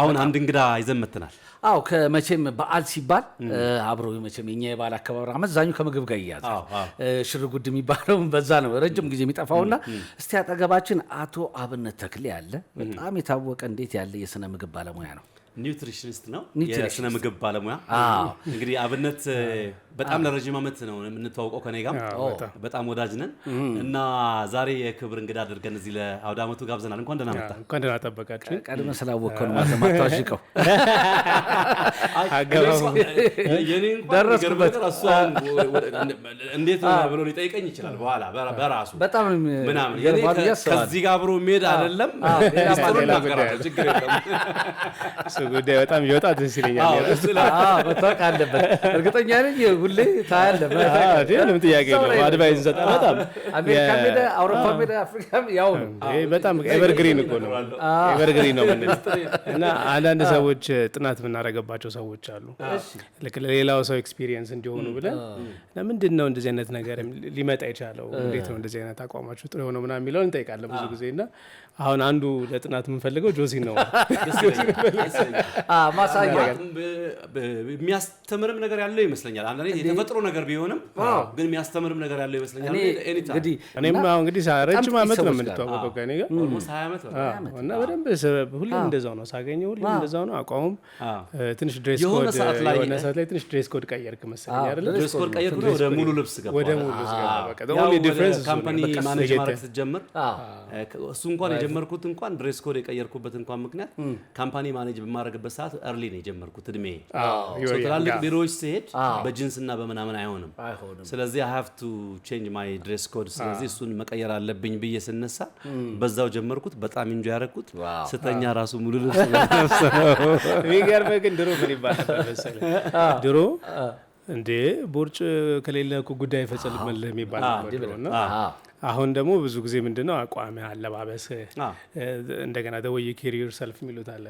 አሁን አንድ እንግዳ ይዘን አዎ ከመቼም በዓል ሲባል አብሮ መቼም የኛ የበዓል አከባበር አመዛኙ ከምግብ ጋር እያዘ ሽርጉድ የሚባለው በዛ ነው ረጅም ጊዜ የሚጠፋውና እስቲ አጠገባችን አቶ አብነት ተክሌ ያለ በጣም የታወቀ እንዴት ያለ የስነ ምግብ ባለሙያ ነው። ኒውትሪሽኒስት ነው፣ የስነ ምግብ ባለሙያ እንግዲህ አብነት በጣም ለረዥም ዓመት ነው የምንተዋውቀው ከኔ ጋር በጣም ወዳጅ ነን እና ዛሬ የክብር እንግዳ አድርገን እዚህ ለአውደ ዓመቱ ጋብዘናል። እንኳን ደህና መጣ። እንኳን ደህና ጠበቃችሁ። ቀድመህ ስላወቅከው ነው ማታሽቀው ደረስኩበት። እንዴት ብሎ ሊጠይቀኝ ይችላል በኋላ በራሱ በጣም ምናምን ከዚህ ጋር አብሮ የሚሄድ አይደለም ችግር የለም። ጉዳይ በጣም ይወጣ ደስ ይለኛል። መታወቅ አለበት እርግጠኛ ነኝ ሁሌ ታያለህ። ምንም ጥያቄ የለውም። አድቫይዝ እንሰጣለን። በጣም አሜሪካ ሜዳ፣ አውሮፓ ሜዳ፣ አፍሪካ ያው ነው። በጣም ኤቨርግሪን እኮ ነው፣ ኤቨርግሪን ነው ምን እና አንዳንድ ሰዎች ጥናት የምናደርግባቸው ሰዎች አሉ። ልክ ለሌላው ሰው ኤክስፒሪየንስ እንዲሆኑ ብለን ለምንድን ነው እንደዚህ አይነት ነገር ሊመጣ የቻለው? እንዴት ነው እንደዚህ አይነት አቋማችሁ ጥሩ የሆነው ምናምን የሚለውን እንጠይቃለን ብዙ ጊዜ እና አሁን አንዱ ለጥናት የምንፈልገው ጆሲ ነው። ማሳያ የሚያስተምርም ነገር ያለው ይመስለኛል። አንዳንዴ የተፈጥሮ ነገር ቢሆንም ግን የሚያስተምርም ነገር ያለው ይመስለኛል። እኔም አሁን እንግዲህ ረጅም ዓመት ነው የምንተዋወቀው ከእኔ ጋር እና በደንብ ሁሌ እንደዛው ነው ሳገኘ ሁሌም እንደዛው ነው አቋሙም። ትንሽ ድሬስ ኮድ የሆነ ሰዓት ላይ ትንሽ ድሬስ ኮድ ቀየርክ መሰለኝ ወደ ሙሉ ልብስ ቀየርክ፣ ወደ ሙሉ ልብስ ገባ። ካምፓኒ ማኔጅ ማድረግ ስትጀምር እሱ እንኳን የጀመርኩት እንኳን ድሬስ ኮድ የቀየርኩበት እንኳን ምክንያት ካምፓኒ ማኔጅ በማድረግበት ሰዓት እርሊ ነው የጀመርኩት እድሜ። ትላልቅ ቢሮዎች ሲሄድ በጂንስና በምናምን አይሆንም። ስለዚህ አይ ቱ ቼንጅ ማይ ድሬስ ኮድ፣ ስለዚህ እሱን መቀየር አለብኝ ብዬ ስነሳ በዛው ጀመርኩት። በጣም እንጆ ያደረኩት ስተኛ ራሱ ሙሉ ልብስ ነው። ግን ድሮ ምን ይባላል መሰለህ ድሮ እንዴ ቦርጭ ከሌለ እኮ ጉዳይ ፈጸልመልህ የሚባል ነበርና አሁን ደግሞ ብዙ ጊዜ ምንድነው አቋሚ አለባበስ፣ እንደገና ደወየ ኬሪየር ሰልፍ የሚሉት አለ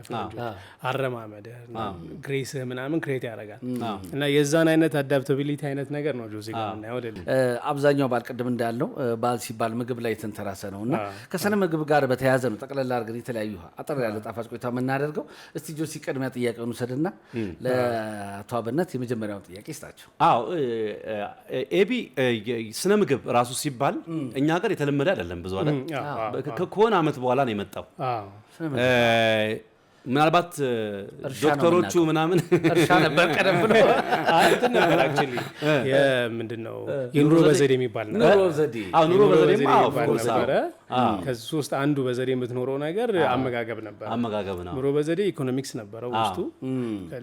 አረማመደ ግሬስ ምናምን ክሬት ያደርጋል እና የዛን አይነት አዳፕታቢሊቲ አይነት ነገር ነው ጆዜ ጋር ምናየው አብዛኛው ባል ቅድም እንዳልነው ባል ሲባል ምግብ ላይ የተንተራሰ ነው እና ከስነ ምግብ ጋር በተያያዘ ነው ጠቅለላ አድርገን የተለያዩ አጠር ያለ ጣፋጭ ቆይታ የምናደርገው። እስቲ ጆሲ ቅድሚያ ጥያቄውን ውሰድና ለአቶ አብነት የመጀመሪያውን ጥያቄ የሚያስታችሁ? አዎ ኤቢ ስነ ምግብ ራሱ ሲባል እኛ ጋር የተለመደ አይደለም። ብዙ አለ ከሆነ አመት በኋላ ነው የመጣው ምናልባት ዶክተሮቹ ምናምን እርሻ ነበር ቀደም ብሎ እንትን ነበር አክቹዋሊ ምንድን ነው የኑሮ በዘዴ የሚባል ነበረ። ከሱ ውስጥ አንዱ በዘዴ የምትኖረው ነገር አመጋገብ ነበር። ኑሮ በዘዴ ኢኮኖሚክስ ነበረው ውስጡ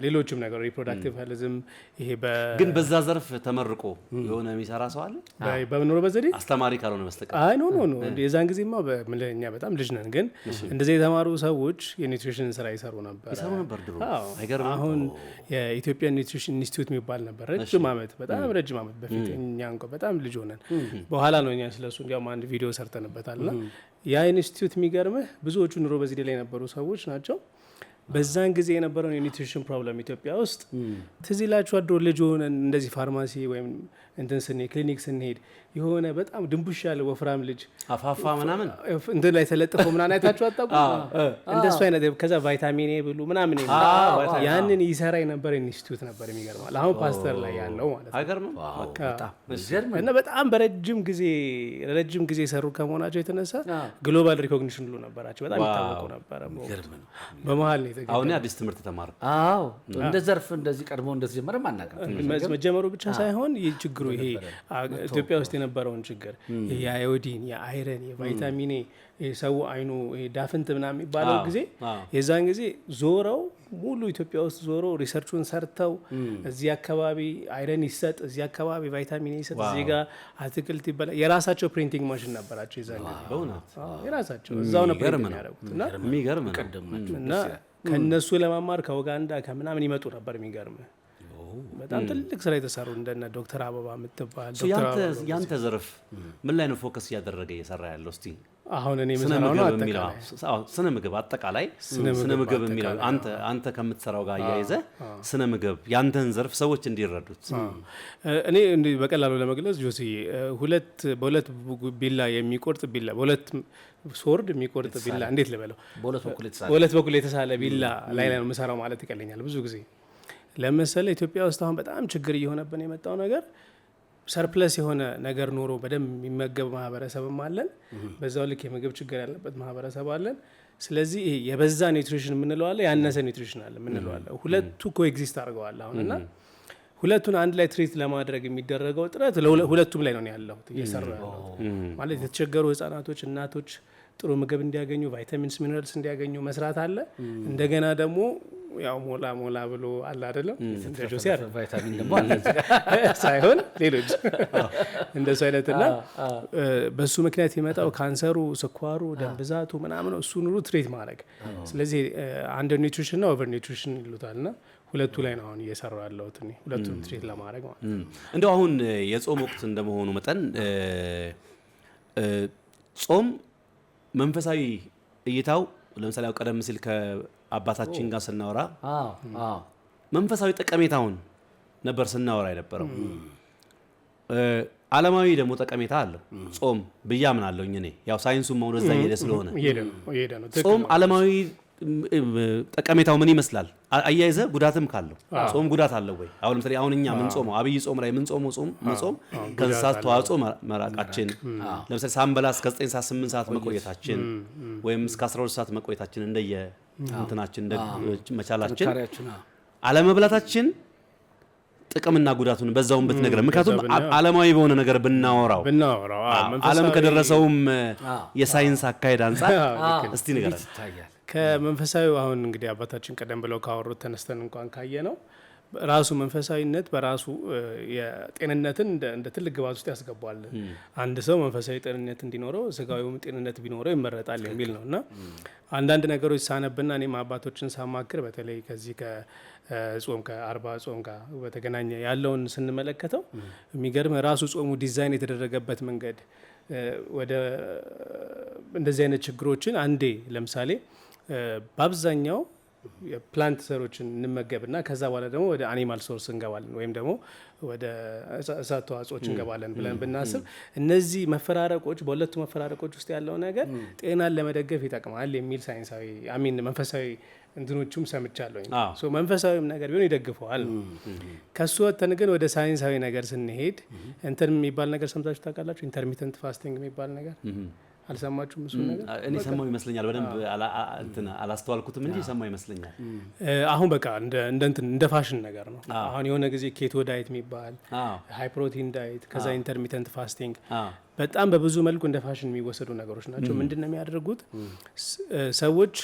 ሌሎችም ነገር ሪፕሮዳክቲቭ ሄልዝም። ይሄ ግን በዛ ዘርፍ ተመርቆ የሆነ የሚሰራ ሰው አለ በኑሮ በዘዴ አስተማሪ ካልሆነ በስተቀር። አይ ኖ ኖ ኖ የዛን ጊዜማ እኛ በጣም ልጅ ነን። ግን እንደዚህ የተማሩ ሰዎች የኒትሪሽን ስራ ይሰሩ ነበር ይሰሩ ነበር ድሮ። አሁን የኢትዮጵያ ኒትሪሽን ኢንስቲትዩት የሚባል ነበር። ረጅም ዓመት በጣም ረጅም ዓመት በፊት እኛ እንኳ በጣም ልጅ ሆነን በኋላ ነው እኛ ስለሱ እንዲያውም አንድ ቪዲዮ ሰርተንበታል። ና ያ ኢንስቲትዩት የሚገርምህ ብዙዎቹ ኑሮ በዚህ ላይ የነበሩ ሰዎች ናቸው በዛን ጊዜ የነበረውን የኒትሪሽን ፕሮብለም ኢትዮጵያ ውስጥ ትዝ ይላችሁ አድሮ ልጅ ሆነ እንደዚህ ፋርማሲ ወይም እንትን ስንሄድ ክሊኒክ ስንሄድ የሆነ በጣም ድንቡሽ ያለ ወፍራም ልጅ አፋፋ ምናምን እንትን ላይ ተለጥፎ ምናምን አይታችሁ አጣቁ እንደሱ አይነት ከዛ ቫይታሚን ኤ ብሉ ምናምን ያንን ይሰራ የነበረ ኢንስቲትዩት ነበር። የሚገርማል አሁን ፓስተር ላይ ያለው ማለት እና በጣም በረጅም ጊዜ ረጅም ጊዜ የሰሩ ከመሆናቸው የተነሳ ግሎባል ሪኮግኒሽን ሁሉ ነበራቸው። በጣም ይታወቁ ነበረ። በመሀል ነው አሁን አዲስ ትምህርት ተማር። አዎ እንደ ዘርፍ እንደዚህ ቀድሞ እንደተጀመረ ማናቀር መጀመሩ ብቻ ሳይሆን ይህ ችግሩ ይሄ ኢትዮጵያ ውስጥ የነበረውን ችግር የአዮዲን፣ የአይረን፣ የቫይታሚን የሰው አይኑ ዳፍንት ምናምን የሚባለው ጊዜ የዛን ጊዜ ዞረው ሙሉ ኢትዮጵያ ውስጥ ዞሮ ሪሰርቹን ሰርተው እዚህ አካባቢ አይረን ይሰጥ፣ እዚህ አካባቢ ቫይታሚን ይሰጥ፣ እዚህ ጋ አትክልት ይበላል። የራሳቸው ፕሪንቲንግ ማሽን ነበራቸው። የዛን ጊዜ የራሳቸው እዛው ነበር የሚያደርጉት እና ከእነሱ ለመማር ከኡጋንዳ ከምናምን ይመጡ ነበር። የሚገርም በጣም ትልቅ ስራ የተሰሩ እንደነ ዶክተር አበባ የምትባል ያንተ ዘርፍ ምን ላይ ነው ፎከስ እያደረገ እየሰራ ያለው? እስቲ አሁን እኔ ስነ ምግብ አጠቃላይ ስነ ምግብ የሚለው አንተ ከምትሰራው ጋር አያይዘ ስነ ምግብ ያንተን ዘርፍ ሰዎች እንዲረዱት እኔ በቀላሉ ለመግለጽ ጆሲ ሁለት በሁለት ቢላ የሚቆርጥ ቢላ በሁለት ሶርድ የሚቆርጥ ቢላ እንዴት ልበለው፣ በሁለት በኩል የተሳለ ቢላ ላይ ነው የምሰራው ማለት ይቀለኛል ብዙ ጊዜ ለምሳሌ ኢትዮጵያ ውስጥ አሁን በጣም ችግር እየሆነብን የመጣው ነገር ሰርፕለስ የሆነ ነገር ኖሮ በደንብ የሚመገብ ማህበረሰብም አለን። በዛው ልክ የምግብ ችግር ያለበት ማህበረሰብ አለን። ስለዚህ ይሄ የበዛ ኒውትሪሽን የምንለዋለ ያነሰ ኒውትሪሽን አለ የምንለዋለ ሁለቱ ኮኤግዚስት አድርገዋል እና ሁለቱን አንድ ላይ ትሪት ለማድረግ የሚደረገው ጥረት ሁለቱም ላይ ነው ያለሁት እየሰራ ያለሁት ማለት የተቸገሩ ህጻናቶች እናቶች ጥሩ ምግብ እንዲያገኙ ቫይታሚንስ፣ ሚነራልስ እንዲያገኙ መስራት አለ። እንደገና ደግሞ ያው ሞላ ሞላ ብሎ አለ አይደለም እንደ ጆሴ ቫይታሚን ደግሞ ሳይሆን ሌሎች እንደሱ አይነትና በሱ ምክንያት የመጣው ካንሰሩ፣ ስኳሩ፣ ደም ብዛቱ ምናምን እሱ ኑሩ ትሬት ማድረግ ስለዚህ አንደር ኒትሪሽን እና ኦቨር ኒትሪሽን ይሉታል ይሉታልና ሁለቱ ላይ ነው አሁን እየሰራው ያለሁት ሁለቱን ትሬት ለማድረግ ማለት ነው። እንደው አሁን የጾም ወቅት እንደመሆኑ መጠን ጾም መንፈሳዊ እይታው ለምሳሌ ያው ቀደም ሲል ከአባታችን ጋር ስናወራ መንፈሳዊ ጠቀሜታውን ነበር ስናወራ የነበረው። ዓለማዊ ደግሞ ጠቀሜታ አለው ጾም ብዬ አምናለሁኝ እኔ ያው ሳይንሱ አሁን እዛ እየሄደ ስለሆነ ጾም ዓለማዊ ጠቀሜታው ምን ይመስላል? አያይዘ ጉዳትም ካለው ጾም ጉዳት አለው ወይ? አሁን ለምሳሌ አሁን እኛ ምን ጾመው አብይ ጾም ላይ ምን ጾመው ጾም መጾም ከእንስሳት ተዋጽኦ መራቃችን፣ ለምሳሌ ሳንበላ እስከ 9 ሰዓት 8 ሰዓት መቆየታችን ወይም እስከ 12 ሰዓት መቆየታችን እንደየ እንትናችን መቻላችን አለመብላታችን ጥቅምና ጉዳቱን በዛውን ብትነግረ ምክንያቱም ዓለማዊ በሆነ ነገር ብናወራው አለም ከደረሰውም የሳይንስ አካሄድ አንጻር እስቲ ንገረን። ከመንፈሳዊ አሁን እንግዲህ አባታችን ቀደም ብለው ካወሩት ተነስተን እንኳን ካየ ነው ራሱ መንፈሳዊነት በራሱ የጤንነትን እንደ ትልቅ ግባት ውስጥ ያስገባል። አንድ ሰው መንፈሳዊ ጤንነት እንዲኖረው ስጋዊም ጤንነት ቢኖረው ይመረጣል የሚል ነው እና አንዳንድ ነገሮች ሳነብና እኔም አባቶችን ሳማክር በተለይ ከዚህ ከጾም ከአርባ ጾም ጋር በተገናኘ ያለውን ስንመለከተው የሚገርም ራሱ ጾሙ ዲዛይን የተደረገበት መንገድ ወደ እንደዚህ አይነት ችግሮችን አንዴ ለምሳሌ በአብዛኛው ፕላንት ዘሮችን እንመገብና ከዛ በኋላ ደግሞ ወደ አኒማል ሶርስ እንገባለን ወይም ደግሞ ወደ እሳት ተዋጽኦች እንገባለን ብለን ብናስብ እነዚህ መፈራረቆች በሁለቱ መፈራረቆች ውስጥ ያለው ነገር ጤናን ለመደገፍ ይጠቅማል የሚል ሳይንሳዊ አሚን መንፈሳዊ እንትኖቹም ሰምቻለሁኝ። መንፈሳዊም ነገር ቢሆን ይደግፈዋል። ከሱ ወተን ግን ወደ ሳይንሳዊ ነገር ስንሄድ እንትን የሚባል ነገር ሰምታችሁ ታውቃላችሁ? ኢንተርሚተንት ፋስቲንግ የሚባል ነገር አልሰማችሁም? እሱ ነገር እኔ ሰማሁ ይመስለኛል። በደንብ እንትን አላስተዋልኩትም እንጂ ሰማሁ ይመስለኛል። አሁን በቃ እንደ ፋሽን ነገር ነው። አሁን የሆነ ጊዜ ኬቶ ዳይት የሚባል ሃይ ፕሮቲን ዳይት፣ ከዛ ኢንተርሚተንት ፋስቲንግ በጣም በብዙ መልኩ እንደ ፋሽን የሚወሰዱ ነገሮች ናቸው። ምንድን ነው የሚያደርጉት ሰዎች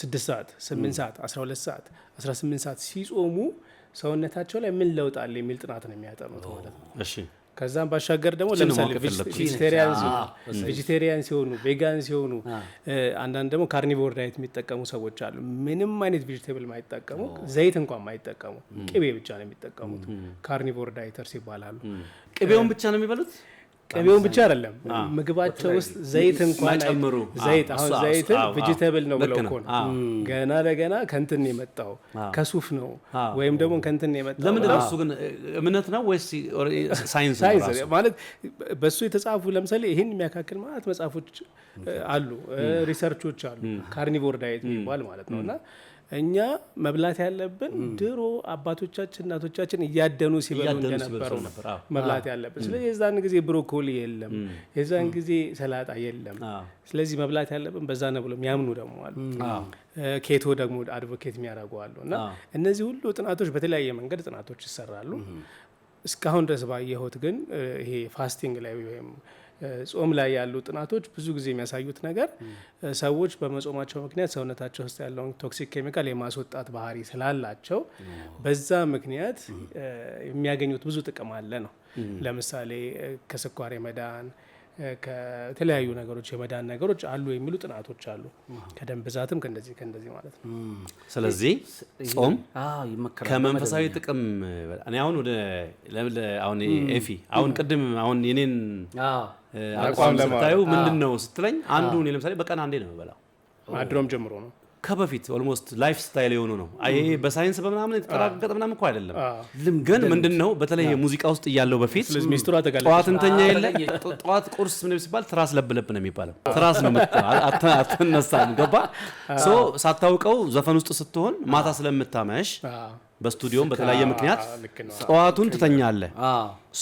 ስድስት ሰዓት፣ ስምንት ሰዓት፣ አስራ ሁለት ሰዓት፣ አስራ ስምንት ሰዓት ሲጾሙ ሰውነታቸው ላይ ምን ለውጥ አለ የሚል ጥናት ነው የሚያጠኑት ማለት ነው። ከዛም ባሻገር ደግሞ ለምሳሌ ቬጂቴሪያን ሲሆኑ ቬጋን ሲሆኑ አንዳንድ ደግሞ ካርኒቮር ዳይት የሚጠቀሙ ሰዎች አሉ። ምንም አይነት ቬጅቴብል ማይጠቀሙ፣ ዘይት እንኳን ማይጠቀሙ፣ ቅቤ ብቻ ነው የሚጠቀሙት። ካርኒቮር ዳይተርስ ይባላሉ። ቅቤውን ብቻ ነው የሚበሉት። ቅቤውን ብቻ አይደለም ምግባቸው ውስጥ ዘይት እንኳን ጨምሩ። ዘይት አሁን ዘይት ቬጅተብል ነው ብለው እኮ ነው ገና ለገና ከንትን የመጣው ከሱፍ ነው ወይም ደግሞ ከንትን የመጣው ለምን ነው እሱ? ግን እምነት ነው ወይስ ሳይንስ ነው ማለት በሱ የተጻፉ ለምሳሌ ይሄን የሚያካክል ማለት መጽሐፎች አሉ፣ ሪሰርቾች አሉ። ካርኒቮር ዳይት የሚባል ማለት ነውና እኛ መብላት ያለብን ድሮ አባቶቻችን እናቶቻችን እያደኑ ሲበሉ እንደነበሩ መብላት ያለብን። ስለዚህ የዛን ጊዜ ብሮኮሊ የለም፣ የዛን ጊዜ ሰላጣ የለም። ስለዚህ መብላት ያለብን በዛ ነው ብሎ የሚያምኑ ደግሞ አሉ። ኬቶ ደግሞ አድቮኬት የሚያደርጉ አሉ። እና እነዚህ ሁሉ ጥናቶች በተለያየ መንገድ ጥናቶች ይሰራሉ። እስካሁን ድረስ ባየሁት ግን ይሄ ፋስቲንግ ላይ ወይም ጾም ላይ ያሉ ጥናቶች ብዙ ጊዜ የሚያሳዩት ነገር ሰዎች በመጾማቸው ምክንያት ሰውነታቸው ውስጥ ያለውን ቶክሲክ ኬሚካል የማስወጣት ባህሪ ስላላቸው በዛ ምክንያት የሚያገኙት ብዙ ጥቅም አለ ነው። ለምሳሌ ከስኳር የመዳን ከተለያዩ ነገሮች የመዳን ነገሮች አሉ የሚሉ ጥናቶች አሉ። ከደም ብዛትም ከእንደዚህ ከእንደዚህ ማለት ነው። ስለዚህ ጾም ከመንፈሳዊ ጥቅም እኔ አሁን ወደ አሁን ኤፊ አሁን ቅድም አሁን የኔን አቋም ስታዩ ምንድን ነው ስትለኝ፣ አንዱ እኔ ለምሳሌ በቀን አንዴ ነው የምበላው። ድሮም ጀምሮ ነው ከበፊት ኦልሞስት ላይፍ ስታይል የሆኑ ነው። ይሄ በሳይንስ በምናምን የተጠራገጠ ምናምን እኮ አይደለም። ልም ግን ምንድን ነው በተለይ ሙዚቃ ውስጥ እያለው በፊት ጠዋት እንተኛ የለ ጠዋት ቁርስ ምን ሲባል ትራስ ለብለብ ነው የሚባለው። ትራስ ነው አትነሳም። ገባ ሶ ሳታውቀው ዘፈን ውስጥ ስትሆን ማታ ስለምታመሽ በስቱዲዮም በተለያየ ምክንያት ጠዋቱን ትተኛለህ።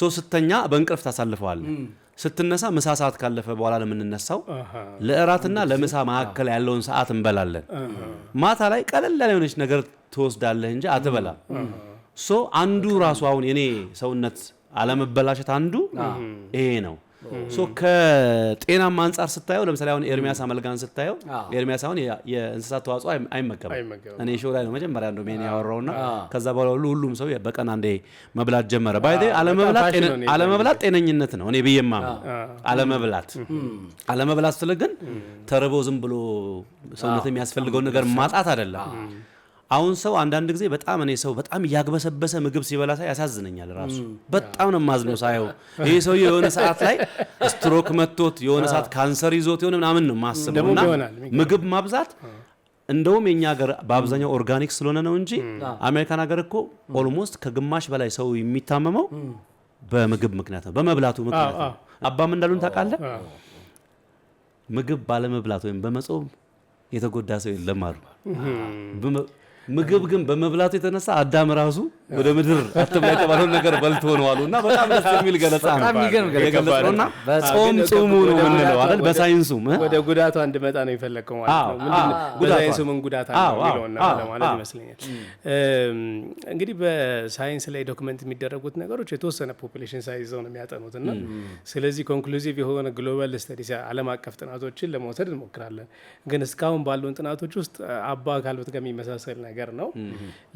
ሶ ስተኛ በእንቅልፍ ታሳልፈዋለህ ስትነሳ ምሳ ሰዓት ካለፈ በኋላ ነው ለእራትና ለምሳ መካከል ያለውን ሰዓት እንበላለን። ማታ ላይ ቀለል የሆነች ነገር ትወስዳለህ እንጂ አትበላም። ሶ አንዱ ራሱ አሁን የኔ ሰውነት አለመበላሸት አንዱ ይሄ ነው። ሶ ከጤናም አንጻር ስታየው ለምሳሌ አሁን ኤርሚያስ አመልጋን ስታየው ኤርሚያስ አሁን የእንስሳት ተዋጽኦ አይመገብም። እኔ ሾ ላይ ነው መጀመሪያ እንደ ሜን ያወራውና ከዛ በኋላ ሁሉ ሁሉም ሰው በቀን አንዴ መብላት ጀመረ። ባይ አለመብላት ጤነኝነት ነው እኔ ብዬማ አለመብላት አለመብላት ስለ ግን ተርቦ ዝም ብሎ ሰውነት የሚያስፈልገውን ነገር ማጣት አይደለም አሁን ሰው አንዳንድ ጊዜ በጣም እኔ ሰው በጣም እያግበሰበሰ ምግብ ሲበላ ሳይ ያሳዝነኛል። ራሱ በጣም ነው የማዝነው ሳየው። ይሄ ሰው የሆነ ሰዓት ላይ ስትሮክ መቶት የሆነ ሰዓት ካንሰር ይዞት የሆነ ምናምን ነው የማስበው። እና ምግብ ማብዛት እንደውም የኛ ሀገር በአብዛኛው ኦርጋኒክ ስለሆነ ነው እንጂ አሜሪካን ሀገር እኮ ኦልሞስት ከግማሽ በላይ ሰው የሚታመመው በምግብ ምክንያት ነው፣ በመብላቱ ምክንያት ነው። አባም እንዳሉን ታውቃለህ፣ ምግብ ባለመብላት ወይም በመጾም የተጎዳ ሰው የለም አሉ። ምግብ ግን በመብላቱ የተነሳ አዳም ራሱ ወደ ምድር አትብላ የተባለውን ነገር በልቶ ነው አሉ እና በጣም ደስ የሚል ገለጻ ነው ጾም ጽሙ ነው የምንለው አይደል? በሳይንሱ ወደ ጉዳቱ እንድመጣ ነው የፈለግከው ማለት ነው። በሳይንሱ ምን ጉዳት አለው ለማለት ይመስለኛል። እንግዲህ በሳይንስ ላይ ዶክመንት የሚደረጉት ነገሮች የተወሰነ ፖፕሌሽን ሳይዘው ነው የሚያጠኑት እና ስለዚህ ኮንክሉዚቭ የሆነ ግሎባል ስተዲስ ዓለም አቀፍ ጥናቶችን ለመውሰድ እንሞክራለን። ግን እስካሁን ባሉን ጥናቶች ውስጥ አባ ካልበት ጋር የሚመሳሰል ነገር ነገር ነው።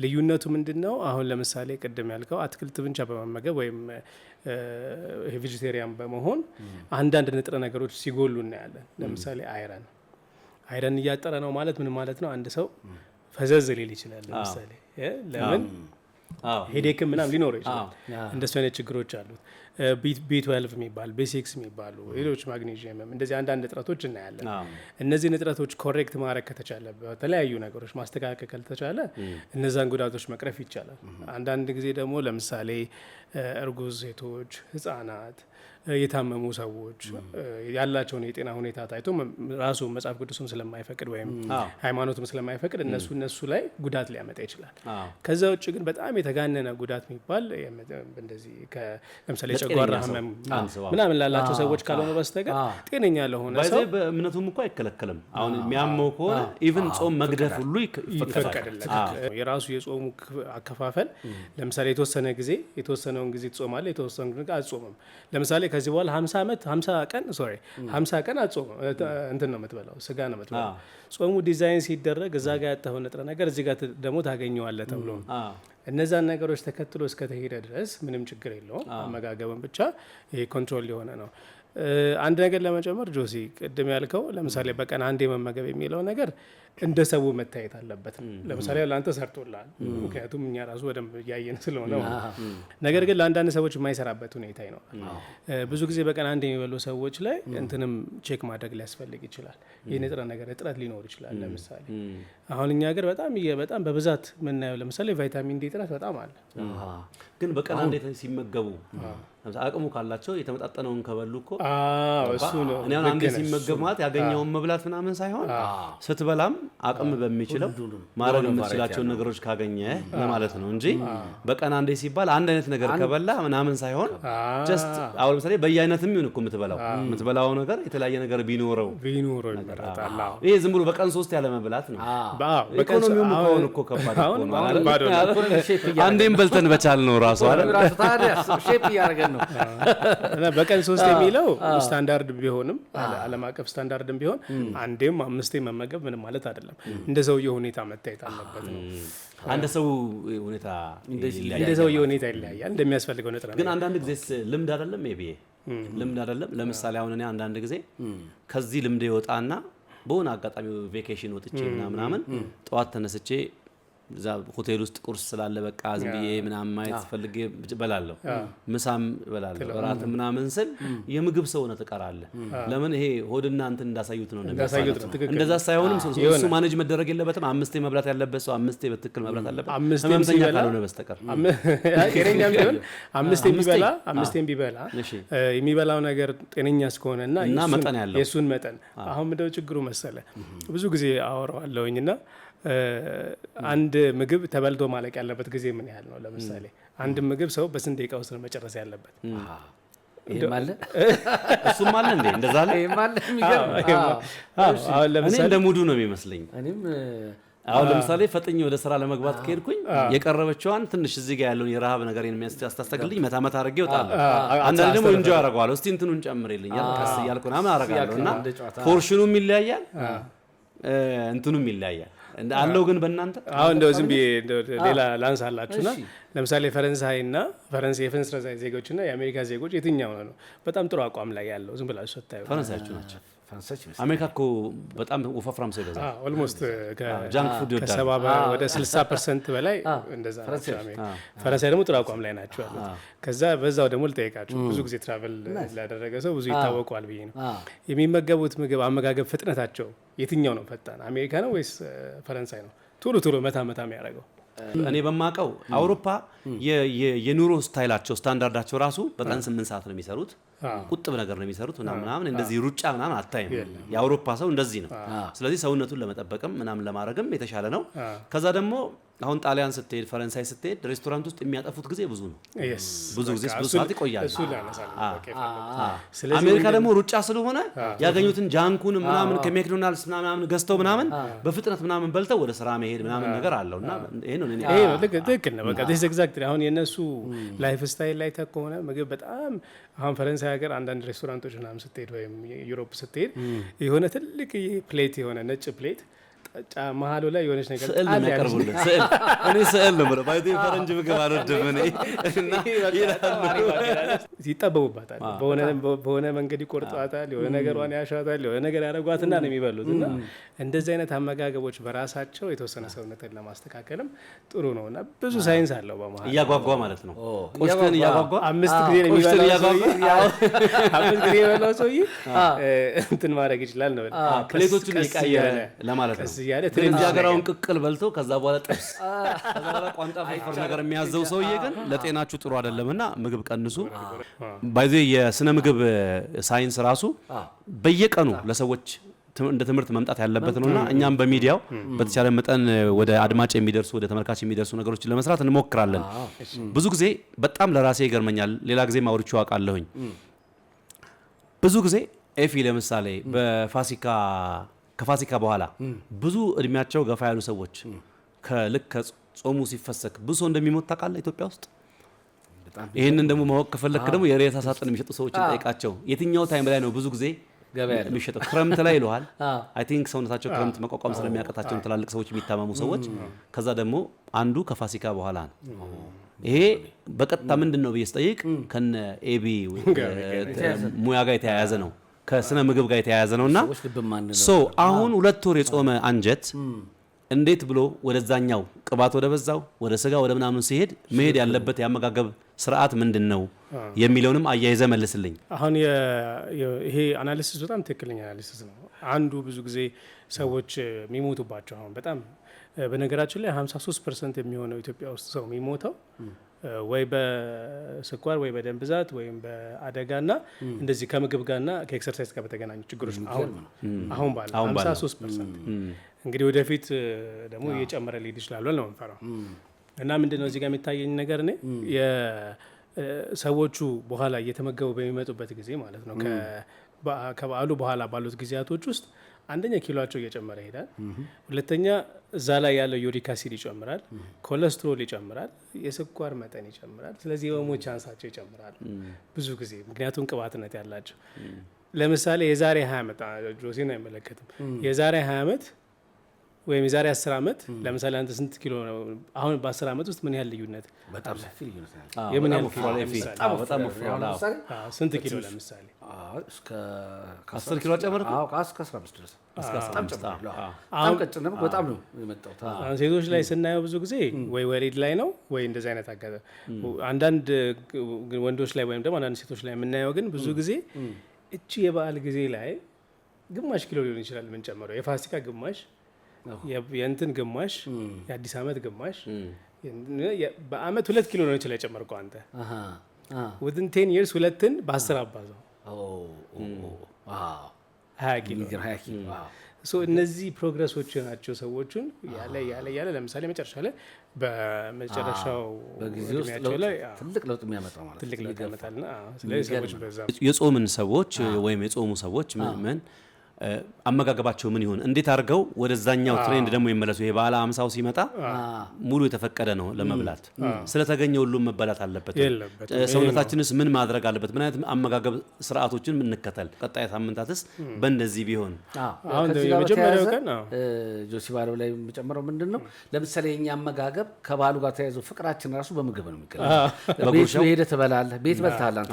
ልዩነቱ ምንድን ነው? አሁን ለምሳሌ ቅድም ያልከው አትክልት ብቻ በመመገብ ወይም ቬጀቴሪያን በመሆን አንዳንድ ንጥረ ነገሮች ሲጎሉ እናያለን። ለምሳሌ አይረን አይረን እያጠረ ነው ማለት ምን ማለት ነው? አንድ ሰው ፈዘዝ ሊል ይችላል። ለምሳሌ ለምን ሄዴክም ምናም ሊኖረው ይችላል። እንደሱ አይነት ችግሮች አሉት። ቢ12 የሚባል ቤሲክስ የሚባሉ ሌሎች ማግኔዥየምም እንደዚህ አንዳንድ ንጥረቶች እናያለን። እነዚህ ንጥረቶች ኮሬክት ማድረግ ከተቻለ በተለያዩ ነገሮች ማስተካከል ከተቻለ እነዛን ጉዳቶች መቅረፍ ይቻላል። አንዳንድ ጊዜ ደግሞ ለምሳሌ እርጉዝ ሴቶች፣ ህጻናት፣ የታመሙ ሰዎች ያላቸውን የጤና ሁኔታ ታይቶ ራሱ መጽሐፍ ቅዱስም ስለማይፈቅድ ወይም ሃይማኖትም ስለማይፈቅድ እነሱ እነሱ ላይ ጉዳት ሊያመጣ ይችላል። ከዛ ውጭ ግን በጣም የተጋነነ ጉዳት የሚባል እንደዚህ ለምሳሌ የጨጓራ ህመም ምናምን ላላቸው ሰዎች ካልሆነ በስተቀር ጤነኛ ለሆነ ሰው በእምነቱም እኮ አይከለከልም። አሁን የሚያመው ከሆነ ኢቭን ጾም መግደፍ ሁሉ ይፈቀዳል። የራሱ የጾሙ አከፋፈል ለምሳሌ የተወሰነ ጊዜ የተወሰነውን ጊዜ ትጾማለህ፣ የተወሰነ ጊዜ አትጾምም። ለምሳሌ ከዚህ በኋላ ሀምሳ ዓመት ሀምሳ ቀን ሶሪ ሀምሳ ቀን አትጾምም። እንትን ነው የምትበላው፣ ስጋ ነው የምትበላው። ጾሙ ዲዛይን ሲደረግ እዛ ጋር ያጣኸው ንጥረ ነገር እዚህ ጋር ደግሞ ታገኘዋለህ ተብሎ እነዛን ነገሮች ተከትሎ እስከተሄደ ድረስ ምንም ችግር የለውም። አመጋገብን ብቻ ይሄ ኮንትሮል የሆነ ነው። አንድ ነገር ለመጨመር ጆሲ፣ ቅድም ያልከው ለምሳሌ በቀን አንዴ መመገብ የሚለው ነገር እንደ ሰው መታየት አለበት። ለምሳሌ ለአንተ ሰርቶላል፣ ምክንያቱም እኛ ራሱ በደንብ እያየን ስለሆነ። ነገር ግን ለአንዳንድ ሰዎች የማይሰራበት ሁኔታ ይኖራል። ብዙ ጊዜ በቀን አንድ የሚበሉ ሰዎች ላይ እንትንም ቼክ ማድረግ ሊያስፈልግ ይችላል። ይህ ነገር እጥረት ሊኖር ይችላል። ለምሳሌ አሁን እኛ ሀገር በጣም በጣም በብዛት የምናየው ለምሳሌ ቫይታሚን ዲ እጥረት በጣም አለ። ግን በቀን አንድ ሲመገቡ አቅሙ ካላቸው የተመጣጠነውን ከበሉ እኮ እሱ ነው። እኔ አንዴ ሲመገብ ማለት ያገኘውን መብላት ምናምን ሳይሆን ስትበላም አቅም በሚችለው ማድረግ የምትችላቸውን ነገሮች ካገኘ ለማለት ነው እንጂ በቀን አንዴ ሲባል አንድ አይነት ነገር ከበላ ምናምን ሳይሆን ጀስት አሁን ለምሳሌ በየአይነት የሚሆን እኮ የምትበላው የምትበላው ነገር የተለያየ ነገር ቢኖረው ይሄ ዝም ብሎ በቀን ሶስት ያለ መብላት ነው። ኢኮኖሚውም ከሆን እኮ ከባድ አንዴም በልተን በቻል ነው ራሱ ሼፕ በቀን ሶስት የሚለው ስታንዳርድ ቢሆንም አለም አቀፍ ስታንዳርድም ቢሆን አንዴም አምስቴ መመገብ ምንም ማለት አይደለም፣ እንደ ሰውየ ሁኔታ መታየት አለበት ነው። አንድ ሰው ሁኔታ እንደ ሰውየ ሁኔታ ይለያያል፣ እንደሚያስፈልገው ነጥ ግን አንዳንድ ጊዜ ልምድ አይደለም የብዬ ልምድ አይደለም። ለምሳሌ አሁን እኔ አንዳንድ ጊዜ ከዚህ ልምድ ይወጣና በሆነ አጋጣሚ ቬኬሽን ወጥቼ ምናምናምን ጠዋት ተነስቼ እዛ ሆቴል ውስጥ ቁርስ ስላለ በቃ ዝም ብዬ ምናምን ማየት ፈልጌ እበላለሁ፣ ምሳም እበላለሁ፣ እራት ምናምን ስል የምግብ ሰው ነው ትቀራለህ። ለምን ይሄ ሆድና እንትን እንዳሳዩት ነው። እንደዛ ሳይሆንም እሱ ማኔጅ መደረግ የለበትም። አምስቴ መብላት ያለበት ሰው አምስቴ በትክክል መብላት አለበት፣ ህመምተኛ ካልሆነ በስተቀር ጤነኛም ቢሆን አምስቴ ቢበላ አምስቴ ቢበላ የሚበላው ነገር ጤነኛ እስከሆነ እና መጠን ያለው የእሱን መጠን አሁን ምንድነው ችግሩ መሰለ ብዙ ጊዜ አወራዋለሁኝ እና አንድ ምግብ ተበልቶ ማለቅ ያለበት ጊዜ ምን ያህል ነው? ለምሳሌ አንድ ምግብ ሰው በስንት ደቂቃ ውስጥ መጨረስ ያለበት? እሱም አለ እንዴ? እንደዛ አለ። እንደ ሙዱ ነው የሚመስለኝ። አሁን ለምሳሌ ፈጥኜ ወደ ስራ ለመግባት ከሄድኩኝ የቀረበችዋን ትንሽ እዚህ ጋር ያለውን የረሃብ ነገር የሚያስታስተክልኝ መታመት አድርጌ እወጣለሁ። አንዳንድ ደግሞ እንጆ ያደርገዋል እስቲ እንትኑን ጨምርልኝ ቀስ እያልኩ ምናምን አደርጋለሁ እና ፖርሽኑም ይለያያል፣ እንትኑም ይለያያል። አለው ግን በእናንተ አሁን እንደው ዝም ሌላ ላንስ አላችሁና ለምሳሌ ፈረንሳይና ፈረንሳይ የፈረንሳይ ዜጎችና የአሜሪካ ዜጎች የትኛው ነው በጣም ጥሩ አቋም ላይ ያለው? ዝም ብላችሁ ስታዩ ፈረንሳዮቹ ናቸው። ፈንሰች አሜሪካ እኮ በጣም ወፋፍራም ሰው ይበዛል። ኦልሞስት ጃንክ ፉድ ይወዳል። ከሰባ ወደ 60 ፐርሰንት በላይ እንደዛ ናቸው። ፈረንሳይ ደግሞ ጥሩ አቋም ላይ ናቸው ያሉት። ከዛ በዛው ደግሞ ልጠይቃቸው ብዙ ጊዜ ትራቨል ላደረገ ሰው ብዙ ይታወቀዋል ብዬ ነው የሚመገቡት ምግብ አመጋገብ ፍጥነታቸው የትኛው ነው ፈጣን አሜሪካ ነው ወይስ ፈረንሳይ ነው? ቶሎ ቶሎ መታ መታ የሚያደርገው እኔ በማውቀው አውሮፓ የኑሮ ስታይላቸው ስታንዳርዳቸው ራሱ በቀን ስምንት ሰዓት ነው የሚሰሩት ቁጥብ ነገር ነው የሚሰሩት ምናምን እንደዚህ ሩጫ ምናምን አታይም። የአውሮፓ ሰው እንደዚህ ነው። ስለዚህ ሰውነቱን ለመጠበቅም ምናምን ለማድረግም የተሻለ ነው። ከዛ ደግሞ አሁን ጣሊያን ስትሄድ ፈረንሳይ ስትሄድ ሬስቶራንት ውስጥ የሚያጠፉት ጊዜ ብዙ ነው። ብዙ ጊዜ ብዙ ሰዓት ይቆያል። አሜሪካ ደግሞ ሩጫ ስለሆነ ያገኙትን ጃንኩን ምናምን ከሜክዶናልድስ ምናምን ገዝተው ምናምን በፍጥነት ምናምን በልተው ወደ ስራ መሄድ ምናምን ነገር አለው እና ትክክል ነው። በቃ አሁን የእነሱ ላይፍ ስታይል ላይ ከሆነ ምግብ በጣም አሁን ፈረንሳይ ሀገር አንዳንድ ሬስቶራንቶች ምናምን ስትሄድ ወይም ዩሮፕ ስትሄድ የሆነ ትልቅ ፕሌት የሆነ ነጭ ፕሌት መሀሉ ላይ የሆነች ነገር ስዕል ነው የሚያቀርቡልን። ስዕል እኔ ስዕል ነው ብለው ባይዘ ፈረንጅ ምግብ አልወድም እኔ ይጠበቡባታል። በሆነ መንገድ ይቆርጧታል፣ የሆነ ነገሯን ያሻታል፣ የሆነ ነገር ያደረጓትና ነው የሚበሉት። እና እንደዚህ አይነት አመጋገቦች በራሳቸው የተወሰነ ሰውነትን ለማስተካከልም ጥሩ ነው እና ብዙ ሳይንስ አለው። በመሀል እያጓጓ ማለት ነው ቁስትን እያጓጓ አምስት ጊዜ አምስት ጊዜ የበላው ሰውዬ እንትን ማድረግ ይችላል ነው ፕሌቶቹን የቀየረ ለማለት ነው እያለ ጃገራውን ቅቅል በልቶ ከዛ በኋላ ጥብስ ቋንጣ ፍርፍር ነገር የሚያዘው ሰውዬ ግን ለጤናችሁ ጥሩ አይደለም እና ምግብ ቀንሱ። ባይዘ የስነ ምግብ ሳይንስ ራሱ በየቀኑ ለሰዎች እንደ ትምህርት መምጣት ያለበት ነውና እኛም በሚዲያው በተቻለ መጠን ወደ አድማጭ የሚደርሱ ወደ ተመልካች የሚደርሱ ነገሮችን ለመስራት እንሞክራለን። ብዙ ጊዜ በጣም ለራሴ ይገርመኛል። ሌላ ጊዜ አውርቼው አውቃለሁኝ። ብዙ ጊዜ ኤፊ ለምሳሌ በፋሲካ ከፋሲካ በኋላ ብዙ እድሜያቸው ገፋ ያሉ ሰዎች ከልክ ጾሙ ሲፈሰክ ሰው እንደሚሞት ታውቃለህ ኢትዮጵያ ውስጥ። ይህንን ደግሞ ማወቅ ከፈለክ ደግሞ የሬሳ ሳጥን የሚሸጡ ሰዎች ጠይቃቸው። የትኛው ታይም ላይ ነው ብዙ ጊዜ የሚሸጠው? ክረምት ላይ ይለዋል አይ ቲንክ ሰውነታቸው ክረምት መቋቋም ስለሚያቀታቸው ትላልቅ ሰዎች የሚታመሙ ሰዎች። ከዛ ደግሞ አንዱ ከፋሲካ በኋላ ነው። ይሄ በቀጥታ ምንድን ነው ብዬ ስጠይቅ ከነ ኤቢ ሙያ ጋር የተያያዘ ነው። ከስነ ምግብ ጋር የተያያዘ ነውና አሁን ሁለት ወር የጾመ አንጀት እንዴት ብሎ ወደዛኛው ቅባት ወደ በዛው ወደ ስጋ ወደ ምናምን ሲሄድ መሄድ ያለበት የአመጋገብ ስርዓት ምንድን ነው የሚለውንም አያይዘ መልስልኝ። አሁን ይሄ አናሊሲስ በጣም ትክክለኛ አናሊሲስ ነው። አንዱ ብዙ ጊዜ ሰዎች የሚሞቱባቸው አሁን በጣም በነገራችን ላይ 53 ፐርሰንት የሚሆነው ኢትዮጵያ ውስጥ ሰው የሚሞተው ወይ በስኳር ወይ በደም ብዛት ወይም በአደጋና እንደዚህ ከምግብ ጋርና ከኤክሰርሳይዝ ጋር በተገናኙ ችግሮች ነው። አሁን ባለ 53 ፐርሰንት እንግዲህ ወደፊት ደግሞ እየጨመረ ሊሄድ ይችላል ነው የምንፈራው። እና ምንድን ነው እዚህ ጋር የሚታየኝ ነገር እኔ ሰዎቹ በኋላ እየተመገቡ በሚመጡበት ጊዜ ማለት ነው ከበዓሉ በኋላ ባሉት ጊዜያቶች ውስጥ አንደኛ ኪሎቸው እየጨመረ ይሄዳል። ሁለተኛ እዛ ላይ ያለው ዩሪክ አሲድ ይጨምራል፣ ኮለስትሮል ይጨምራል፣ የስኳር መጠን ይጨምራል። ስለዚህ የህመሞች ቻንሳቸው ይጨምራል ብዙ ጊዜ ምክንያቱም ቅባትነት ያላቸው ለምሳሌ የዛሬ 20 ዓመት ጆሴን አይመለከትም። የዛሬ 20 ዓመት ወይም የዛሬ አስር ዓመት ለምሳሌ አንተ ስንት ኪሎ ነው? አሁን በአስር ዓመት ውስጥ ምን ያህል ልዩነት? በጣም ሰፊ ልዩነት ስንት ኪሎ ለምሳሌ ኪሎ ጨምር ሴቶች ላይ ስናየው ብዙ ጊዜ ወይ ወሊድ ላይ ነው ወይ እንደዚህ አይነት አጋጠ አንዳንድ ወንዶች ላይ ወይም ደግሞ አንዳንድ ሴቶች ላይ የምናየው ግን ብዙ ጊዜ እቺ የበዓል ጊዜ ላይ ግማሽ ኪሎ ሊሆን ይችላል የምንጨምረው የፋሲካ ግማሽ የእንትን ግማሽ የአዲስ አመት ግማሽ በአመት ሁለት ኪሎ ነው ይችላል የጨመርከው አንተ ውድን ቴን ይርስ ሁለትን በአስር አባዛው ሀያ እነዚህ ፕሮግረሶች ናቸው። ሰዎቹን ያለ ያለ ያለ ለምሳሌ መጨረሻ ላይ በመጨረሻው እድሜያቸው ላይ ትልቅ ለውጥ የሚያመጣው ማለት ትልቅ ለውጥ ያመጣልና ስለዚህ ሰዎች በዛ የጾምን ሰዎች ወይም የጾሙ ሰዎች ምን አመጋገባቸው ምን ይሆን? እንዴት አድርገው ወደዛኛው ትሬንድ ደግሞ ይመለሱ? ይሄ በዓለ ሃምሳው ሲመጣ ሙሉ የተፈቀደ ነው ለመብላት ስለተገኘ ሁሉም መበላት አለበት። ሰውነታችንስ ምን ማድረግ አለበት? ምን አይነት አመጋገብ ስርዓቶችን እንከተል? ቀጣይ ሳምንታትስ በእንደዚህ ቢሆን። የመጀመሪያው ቀን ጆሲ ባለው ላይ የምጨምረው ምንድን ነው? ለምሳሌ የኛ አመጋገብ ከባሉ ጋር ተያይዞ ፍቅራችን ራሱ በምግብ ነው የሚቀርበው። የሚቀርብ። ሄደህ ትበላለህ፣ ቤት በልተሃል። አንተ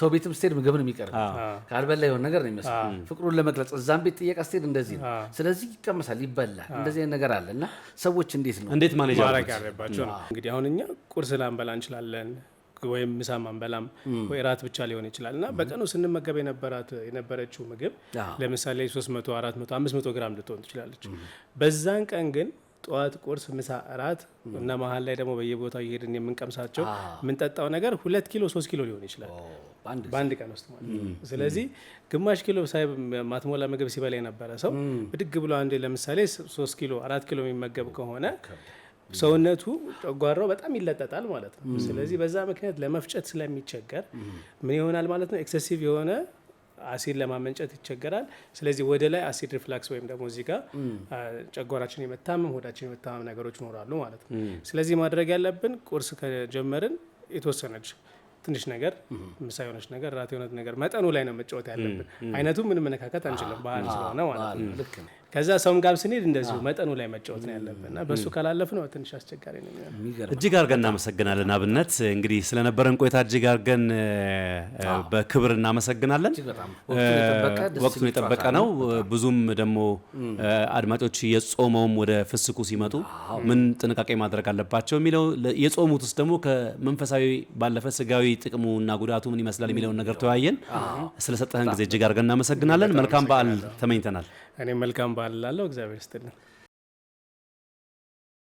ሰው ቤትም ስትሄድ ምግብ ነው የሚቀርበው። ካልበላ የሆነ ነገር ነው የሚመስለው ፍቅሩን ለመግለጽ እዛም ቤት ጥየቃ ስትሄድ እንደዚህ ነው። ስለዚህ ይቀመሳል፣ ይበላል። እንደዚህ ነገር አለ እና ሰዎች እንዴት ነው እንዴት ማኔጅ አለባቸው? እንግዲህ አሁን እኛ ቁርስ ላንበላ እንችላለን ወይም ምሳ አንበላም ወይ ራት ብቻ ሊሆን ይችላል እና በቀኑ ስንመገብ የነበራት የነበረችው ምግብ ለምሳሌ 300፣ 400፣ 500 ግራም ልትሆን ትችላለች። በዛን ቀን ግን ጠዋት ቁርስ፣ ምሳ፣ እራት እና መሀል ላይ ደግሞ በየቦታው እየሄድን የምንቀምሳቸው የምንጠጣው ነገር ሁለት ኪሎ ሶስት ኪሎ ሊሆን ይችላል በአንድ ቀን ውስጥ ማለት ነው። ስለዚህ ግማሽ ኪሎ ሳይ ማትሞላ ምግብ ሲበላ የነበረ ሰው ብድግ ብሎ አንዴ ለምሳሌ ሶስት ኪሎ አራት ኪሎ የሚመገብ ከሆነ ሰውነቱ ጨጓራው በጣም ይለጠጣል ማለት ነው። ስለዚህ በዛ ምክንያት ለመፍጨት ስለሚቸገር ምን ይሆናል ማለት ነው ኤክሴሲቭ የሆነ አሲድ ለማመንጨት ይቸገራል። ስለዚህ ወደ ላይ አሲድ ሪፍላክስ ወይም ደግሞ እዚህ ጋር ጨጓራችን የመታመም ሆዳችን የመታመም ነገሮች ይኖራሉ ማለት ነው። ስለዚህ ማድረግ ያለብን ቁርስ ከጀመርን የተወሰነች ትንሽ ነገር ምሳ የሆነች ነገር ራት የሆነት ነገር መጠኑ ላይ ነው መጫወት ያለብን። አይነቱ ምን መነካከት አንችልም፣ ባህል ስለሆነ ማለት ነው። ከዛ ሰውም ጋር ስንሄድ እንደዚሁ መጠኑ ላይ መጫወት ነው ያለብን እና በእሱ ካላለፍ ነው ትንሽ አስቸጋሪ ነው። እጅግ አድርገን እናመሰግናለን። አብነት እንግዲህ ስለነበረን ቆይታ እጅግ አድርገን በክብር እናመሰግናለን። ወቅቱን የጠበቀ ነው። ብዙም ደግሞ አድማጮች የጾመውም ወደ ፍስኩ ሲመጡ ምን ጥንቃቄ ማድረግ አለባቸው የሚለው የጾሙት ውስጥ ደግሞ ከመንፈሳዊ ባለፈ ስጋዊ ጥቅሙ እና ጉዳቱ ምን ይመስላል የሚለውን ነገር ተወያየን። ስለሰጠህን ጊዜ እጅግ አድርገን እናመሰግናለን። መልካም በዓል ተመኝተናል። እኔም መልካም በዓል ላለው እግዚአብሔር ይስጥልን።